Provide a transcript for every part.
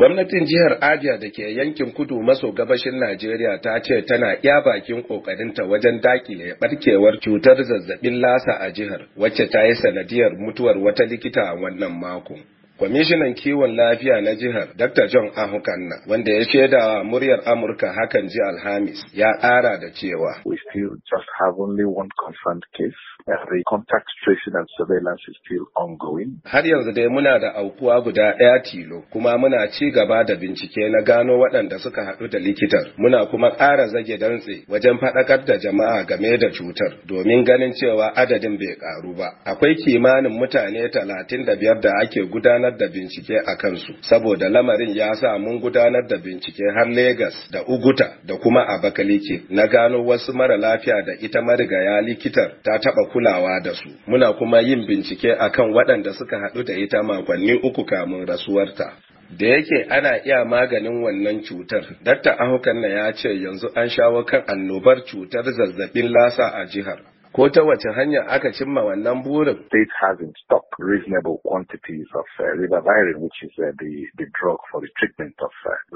Gwamnatin jihar Abia da ke yankin kudu maso gabashin Najeriya ta ce tana ya bakin kokarinta wajen dakile barkewar cutar zazzabin lasa a jihar wacce ta yi sanadiyar mutuwar wata likita a wannan makon. Kwamishinan kiwon lafiya na jihar Dr. John Ahukanna wanda ya shaida muryar Amurka hakan ji Alhamis ya ƙara da cewa. We still just have only one confirmed case the contact tracing and surveillance is still ongoing. Har yanzu dai muna da aukuwa guda ɗaya tilo kuma muna ci gaba da bincike na gano waɗanda suka haɗu da likitar. Muna kuma ƙara zage dantse wajen faɗakar da jama'a game da cutar domin ganin cewa adadin bai ƙaru ba. Akwai kimanin mutane talatin da biyar da ake gudanar gudanar da bincike a kansu saboda lamarin ya sa mun gudanar da bincike har Legas da Uguta da kuma a Bakaliki, na gano wasu mara lafiya da ita marigaya likitar ta taba kulawa da su muna kuma yin bincike akan waɗanda suka haɗu da ita makonni uku kamun rasuwarta da yake ana iya maganin wannan cutar dakta ahukan na ya ce yanzu an shawo kan annobar cutar zazzabin lasa a jihar ko ta wace hanya aka cimma wannan burin. State has not stock reasonable quantities of uh, ribavirin which is uh, the, the drug for the treatment of uh,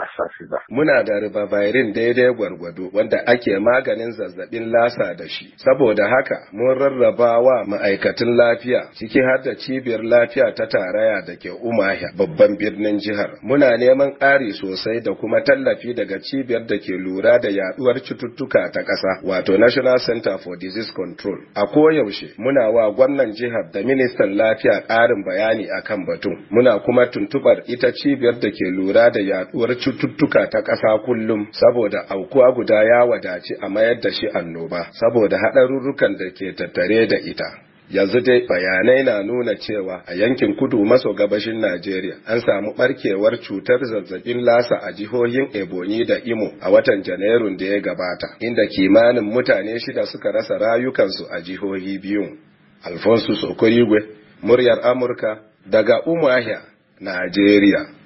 muna da ribavirin daidai gwargwado wanda ake maganin zazzabin lasa da shi saboda haka mun rarraba wa ma'aikatan lafiya ciki har da cibiyar lafiya ta taraya da ke umahiya babban birnin jihar muna neman ƙari sosai da kuma tallafi daga cibiyar da ke lura da yaduwar cututtuka ta ƙasa wato national center for disease control a koyaushe muna wa gwamnan jihar da ministan lafiya ƙarin bayani akan batun muna kuma tuntubar ita cibiyar da ke lura da yaduwar cututtuka ta ƙasa kullum saboda aukuwa guda ya wadaci a mayar da shi annoba saboda haɗarurrukan da ke tattare da ita. yanzu dai bayanai na nuna cewa a yankin kudu maso gabashin Najeriya an samu barkewar cutar zazzabin lasa a jihohin Ebonyi da Imo a watan Janairun da ya gabata, inda kimanin mutane shida suka rasa rayukansu a jihohi biyu. Alfonso Sokorigwe, muryar Amurka, daga Umahia, Najeriya.